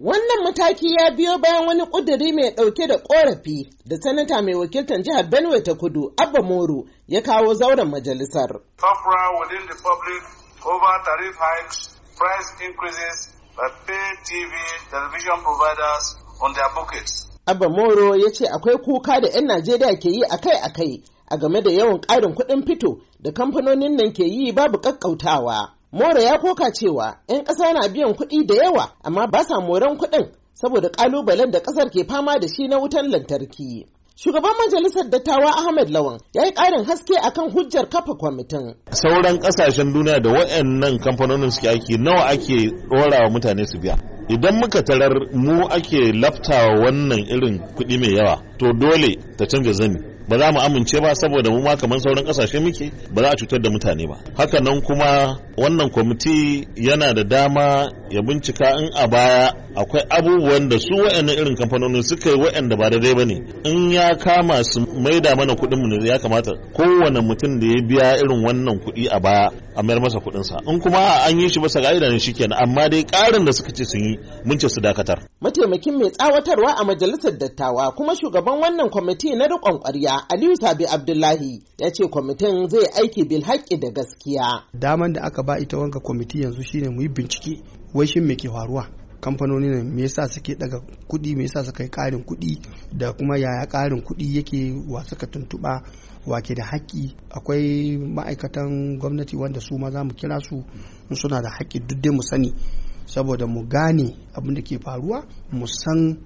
Wannan mataki ya biyo bayan wani ƙuduri mai ɗauke da ƙorafi da sanata mai wakiltar jihar Benue ta kudu Abba Moro ya kawo zauren majalisar. public over tariff TV television providers on Abba Moro ya ce akwai kuka da 'yan Najeriya ke yi akai-akai a game da yawan ƙarin kuɗin fito da kamfanonin nan ke yi babu ƙaƙƙautawa. More ya koka cewa 'yan ƙasa na biyan kuɗi da yawa amma ba sa moran kuɗin saboda ƙalubalen da ƙasar ke fama da shi na wutan lantarki. Shugaban Majalisar Dattawa Ahmed Lawan ya yi ƙarin haske akan hujjar kafa kwamitin. Sauran ƙasashen duniya da waɗannan kamfanonin suke aiki nawa ake ɗorawa mutane su biya. Idan muka tarar mu ake laftawa wannan irin kuɗi mai yawa, to dole ta canza zani. ba za mu amince ba saboda mu ma kamar sauran kasashe muke ba za a cutar da mutane ba hakanan kuma wannan kwamiti yana da dama ya bincika in a baya akwai abubuwan da su waannan irin kamfanoni suka yi waɗanda ba daidai ba ne in ya kama su maida mana kuɗin mu ya kamata kowane mutum da ya biya irin wannan kuɗi a baya a mayar masa sa in kuma an yi shi bisa ga'ida ne shikenan amma dai ƙarin da suka ce sun yi mun ce su dakatar. mataimakin mai tsawatarwa a majalisar dattawa kuma shugaban wannan kwamiti na riƙon ƙwarya aliyu sabi abdullahi ya ce kwamitin zai aiki bil haƙƙi da gaskiya. daman da aka ba ita wanka kwamiti yanzu shine mu yi bincike wai shin me ke faruwa kamfanoni ne me yasa suke daga kudi me yasa suka karin kudi kuɗi da kuma yaya karin kudi yake wa suka tuntuɓa wake da haƙƙi akwai ma'aikatan gwamnati wanda su ma za mu kira su suna da haƙƙi duk dai mu sani saboda mu gane abin da ke faruwa mu san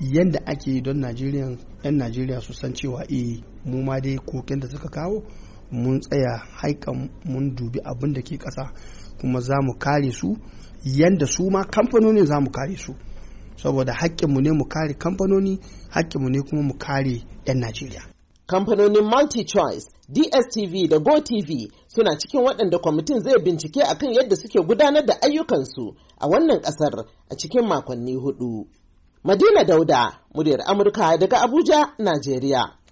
yadda ake don najeriya 'yan najeriya su san cewa eh mu ma dai koken da suka kawo mun tsaya haika mun dubi abin da ke ƙasa kuma za mu kare su yadda su ma kamfanoni za mu kare su saboda haƙƙinmu ne mu kare kamfanoni haƙƙinmu ne kuma mu kare 'yan najeriya kamfanonin multi-choice dstv da gotv suna cikin waɗanda kwamitin zai bincike akan yadda suke gudanar da ayyukansu a wannan ƙasar a cikin makonni hudu madina dauda muryar amurka daga abuja najeriya